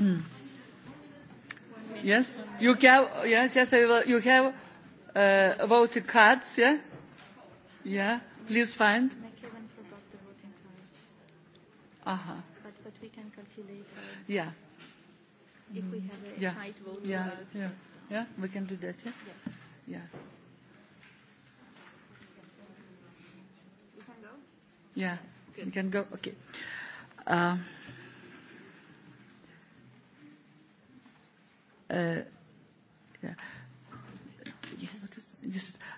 Mm. Yes, you have, yes, yes, you have uh, voting cards, yeah? Yeah, please find. McEwen Uh-huh. But, but we can calculate. Uh, yeah. If we have a yeah. tight voting. Yeah, ballot yeah. yeah, we can do that, yeah? Yes. Yeah. We can go? Yeah, Good. we can go, okay. Uh, Uh,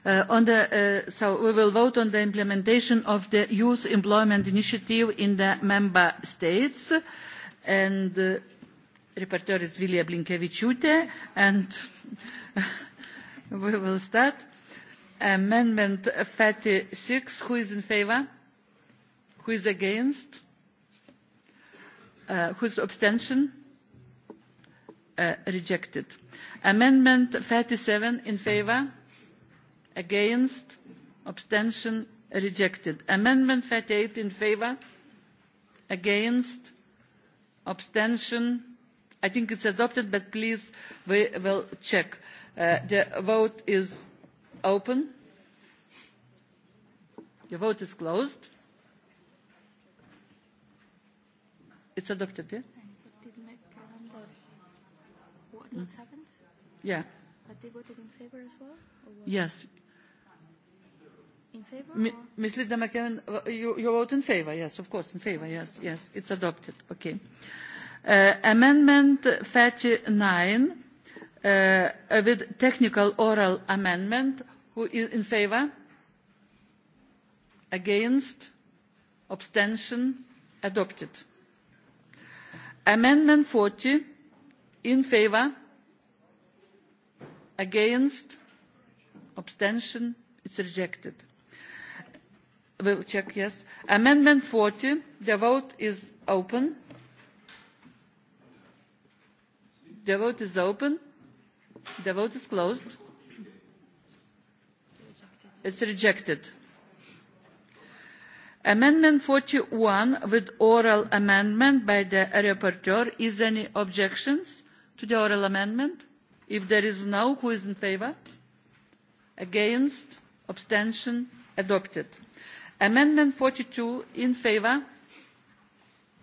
uh, so we will vote on the implementation of the Youth Employment Initiative in the member states, and uh, rapporteur is Vilija Blinkevičiūtė, and we will start. Amendment 36, who is in favor? Who is against? uh, Who's abstention? Uh, rejected. Amendment 37 in favour, against, abstention rejected. Amendment 38 in favour, against, abstention. I think it's adopted, but please we will check. Uh, the vote is open. The vote is closed. It's adopted, yeah? What, what's mm. happened? Yeah. But they voted in favor as well? Or Yes. In favor? M- Ms. Linda McKeown, uh, you, you vote in favor, yes, of course, in favor, yes, yes, it's adopted. Okay. Uh, amendment 39 uh, with technical oral amendment. Who is in favor? Against? Abstention? Adopted. Amendment 40 in favour against abstention it's rejected Will check yes amendment 40 the vote is open the vote is open the vote is closed it's rejected amendment 41 with oral amendment by the rapporteur is any objections to the oral amendment? If there is no, who is in favour? Against? Abstention? Adopted. Amendment 42 in favour?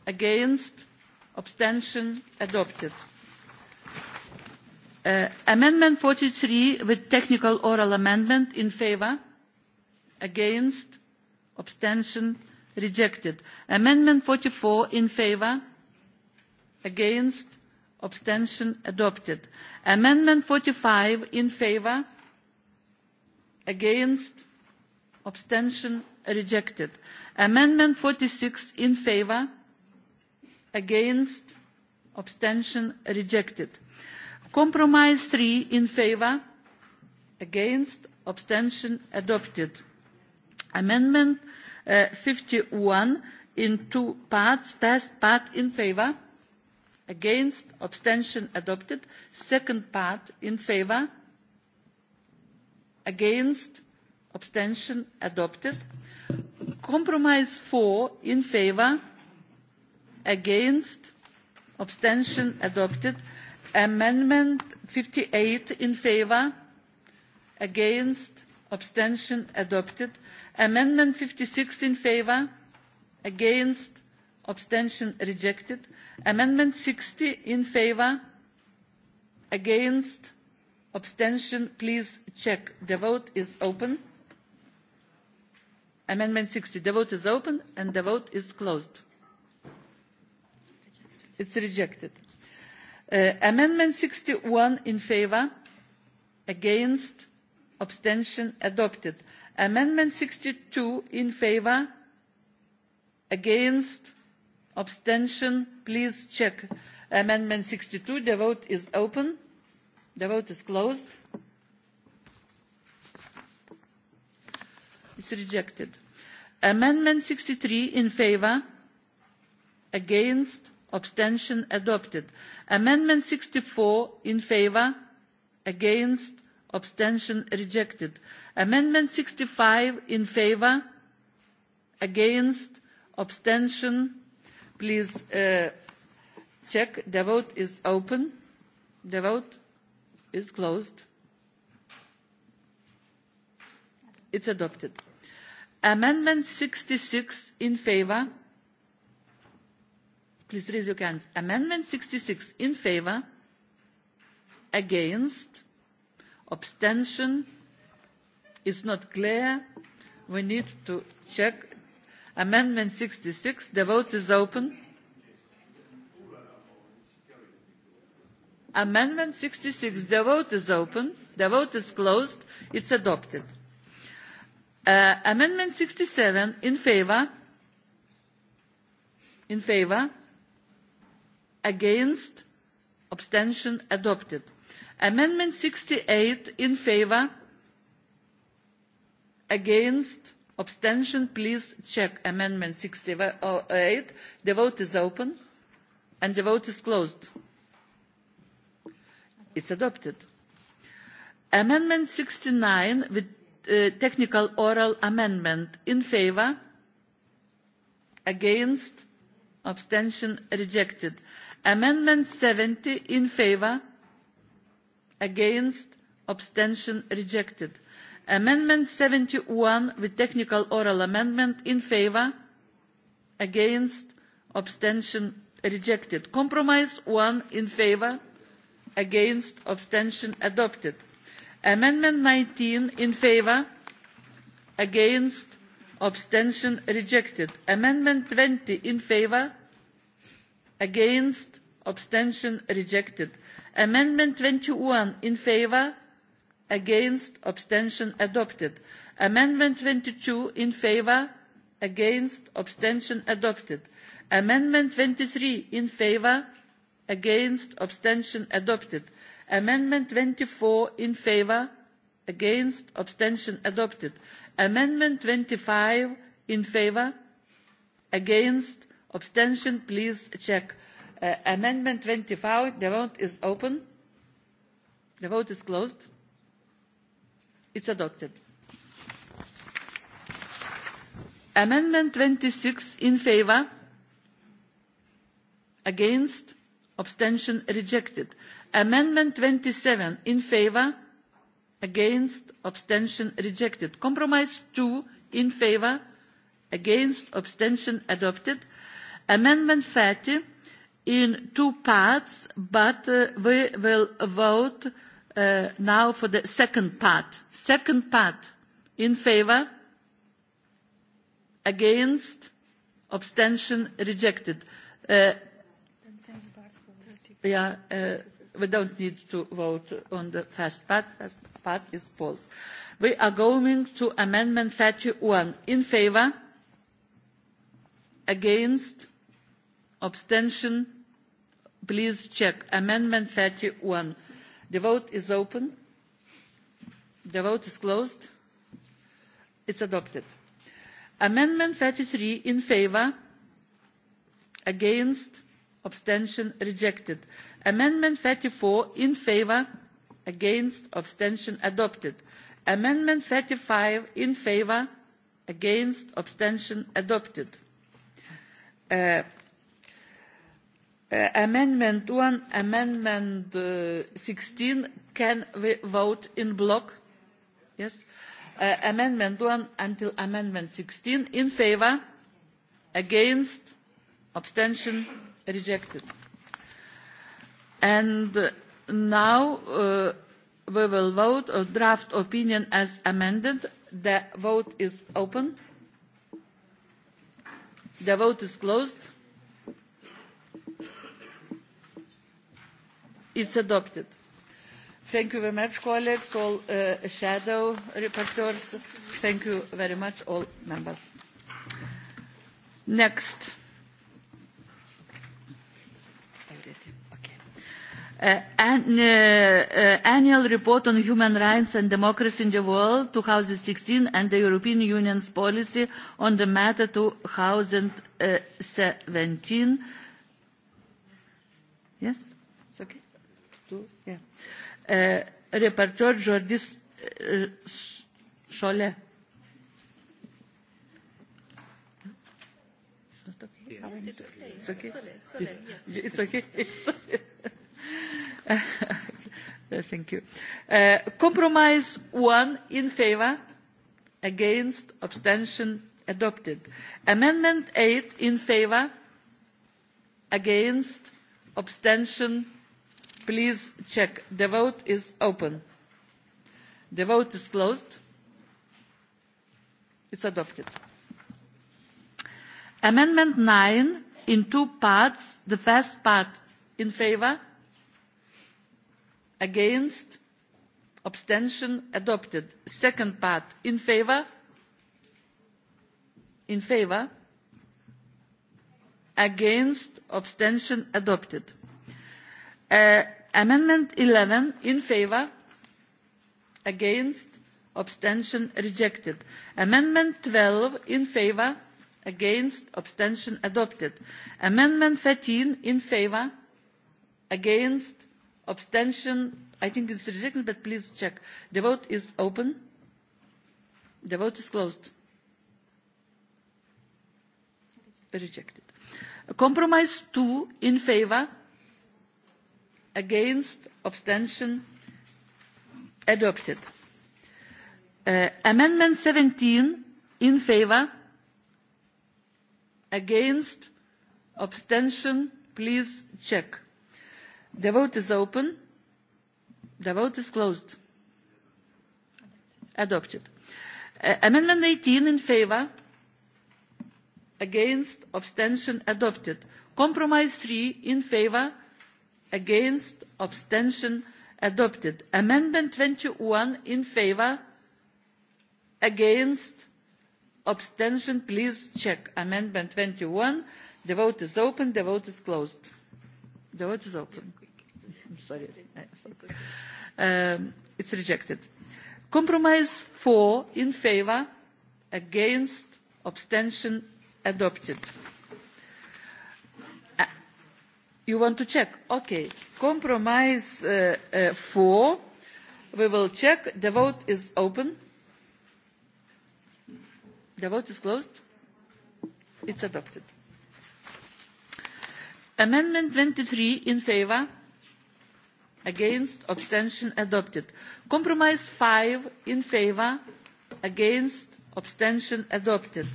Against? Abstention? Adopted. Uh, amendment 43 with technical oral amendment in favour? Against? Abstention? Rejected. Amendment 44 in favour? Against? abstention adopted amendment 45 in favor against abstention rejected amendment 46 in favor against abstention rejected compromise 3 in favor against abstention adopted amendment uh, 51 in two parts passed part in favor against abstention adopted second part in favour against abstention adopted compromise four in favour against abstention adopted amendment fifty eight in favour against abstention adopted amendment fifty six in favour against abstention rejected amendment sixty in favour against abstention please check the vote is open amendment sixty the vote is open and the vote is closed it's rejected uh, amendment sixty one in favour against abstention adopted amendment sixty two in favour against abstention please check amendment sixty two the vote is open the vote is closed it's rejected amendment sixty three in favour against abstention adopted amendment sixty four in favour against abstention rejected amendment sixty five in favour against abstention Please uh, check. The vote is open. The vote is closed. It's adopted. Amendment 66 in favour. Please raise your hands. Amendment 66 in favour. Against. Abstention. It's not clear. We need to check amendment 66, the vote is open amendment 66, the vote is open the vote is closed it's adopted uh, amendment 67, in favor in favor against abstention adopted amendment 68, in favor against abstention please check amendment sixty eight the vote is open and the vote is closed it's adopted amendment sixty nine with uh, technical oral amendment in favour against abstention rejected amendment seventy in favour against abstention rejected amendment seventy one with technical oral amendment in favour against abstention rejected compromise one in favour against abstention adopted amendment nineteen in favour against abstention rejected amendment twenty in favour against abstention rejected amendment twenty one in favour against abstention adopted amendment twenty two in favour against abstention adopted amendment twenty three in favour against abstention adopted amendment twenty four in favour against abstention adopted amendment twenty five in favour against abstention please check uh, amendment twenty five the vote is open the vote is closed is adopted. Amendment twenty six in favour, against, abstention rejected. Amendment twenty seven in favour, against, abstention rejected. Compromise two in favour, against, abstention adopted. Amendment thirty in two parts, but uh, we will vote Uh, now for the second part. Second part, in favour, against, abstention, rejected. Uh, yeah, uh, we don't need to vote on the first part. First part is false. We are going to amendment 31. In favour, against, abstention, please check. Amendment 31 the vote is open the vote is closed it is adopted. amendment thirty three in favour against abstention rejected. amendment thirty four in favour against abstention adopted. amendment thirty five in favour against abstention adopted. Uh, Eh, amendment one amendment eh, sixteen can we vote in block? yes. Uh, amendment one until amendment sixteen in favour against abstention rejected. and now we will vote on draft opinion as amended. the vote is open. the vote is closed is adopted. Thank you very much, colleagues, all uh, shadow reporters. Thank you very much, all members. Next. Uh, an, uh, uh, annual report on human rights and democracy in the world 2016 and the European Union's policy on the matter 2017. Yes? It's okay two, yeah. Uh, eh, Reporter Jordis uh, Scholle. It's not okay. It's okay. It's okay. Thank you. Uh, compromise one in favour, against, abstention adopted. Amendment eight in favour, against, abstention adopted please check. The vote is open. The vote is closed. It's adopted. Amendment nine in two parts. The first part in favour, against, abstention adopted. Second part in favour, in favour, against, abstention adopted. Uh, amendment eleven in favour against abstention rejected; amendment twelve in favour against abstention adopted; amendment thirteen in favour against abstention i think it's rejected but please check. the vote is open. the vote is closed. rejected. compromise two in favour against abstention adopted uh, amendment 17 in favour against abstention please check the vote is open the vote is closed adopted uh, amendment 18 in favour against abstention adopted compromise 3 in favour against abstention adopted amendment twenty one in favour against abstention please check amendment twenty one the vote is open the vote is closed the vote is open sorry uh, it's rejected compromise four in favour against abstention adopted You want to check? Okay. Compromise uh, uh, We will check. The vote is open. The vote is closed. It's adopted. Amendment 23 in favour. Against. Abstention adopted. Compromise five in favour. Against. Abstention adopted.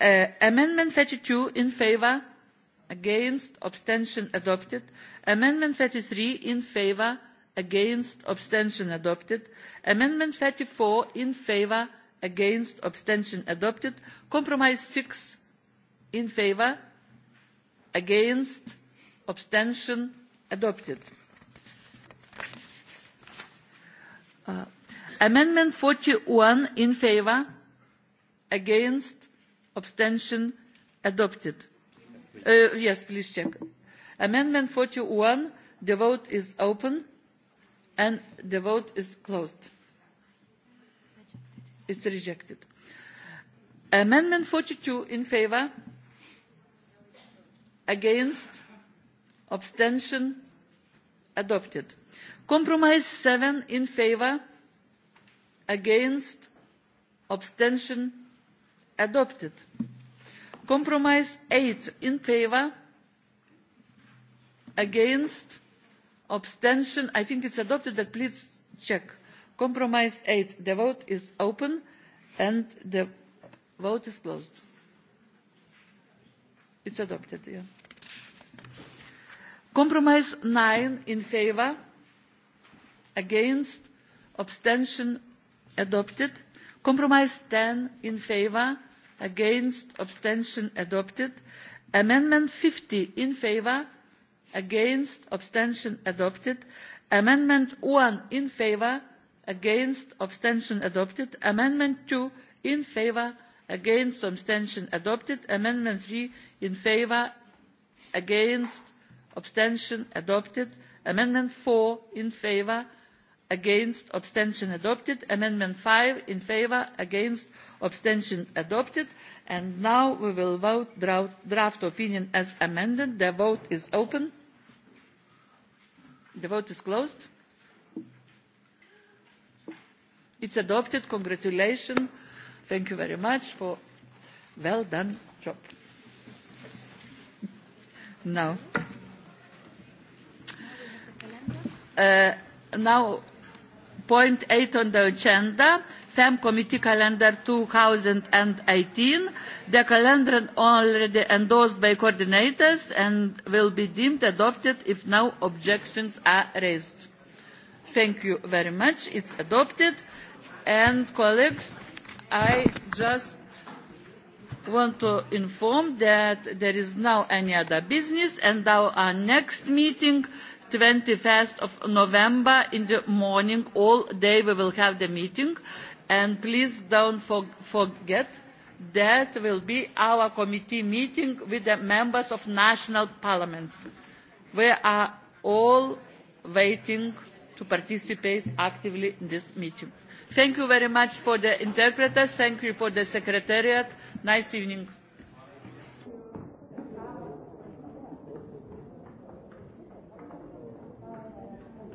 Uh, amendment 32 in favour against abstention adopted amendment thirty three in favour against abstention adopted amendment thirty four in favour against abstention adopted compromise six in favour against abstention adopted uh, amendment forty one in favour against abstention adopted Uh, yes, please check. Amendment 41. The vote is open and the vote is closed. It's rejected. Amendment 42 in favour, against, abstention, adopted. Compromise 7 in favour, against, abstention, adopted compromise eight in favour against abstention i think it's adopted but please check compromise eight the vote is open and the vote is closed it's adopted yes compromise nine in favour against abstention adopted compromise ten in favour against abstention adopted amendment fifty in favour against abstention adopted amendment one in favour against abstention adopted amendment two in favour against abstention adopted amendment three in favour against abstention adopted amendment four in favour against abstention adopted amendment five in favour against abstention adopted and now we will vote draft, draft opinion as amended the vote is open the vote is closed it's adopted congratulations thank you very much for well done job now uh, now Point eight on the agenda, femm Committee Calendar two thousand and eighteen The calendar already endorsed by coordinators and will be deemed adopted if no objections are raised. Thank you very much. it is adopted. And colleagues, I just want to inform that there is now any other business and our next meeting 21st of November in the morning, all day we will have the meeting. And please don't for, forget that will be our committee meeting with the members of national parliaments. We are all waiting to participate actively in this meeting. Thank you very much for the interpreters. Thank you for the secretariat. Nice evening.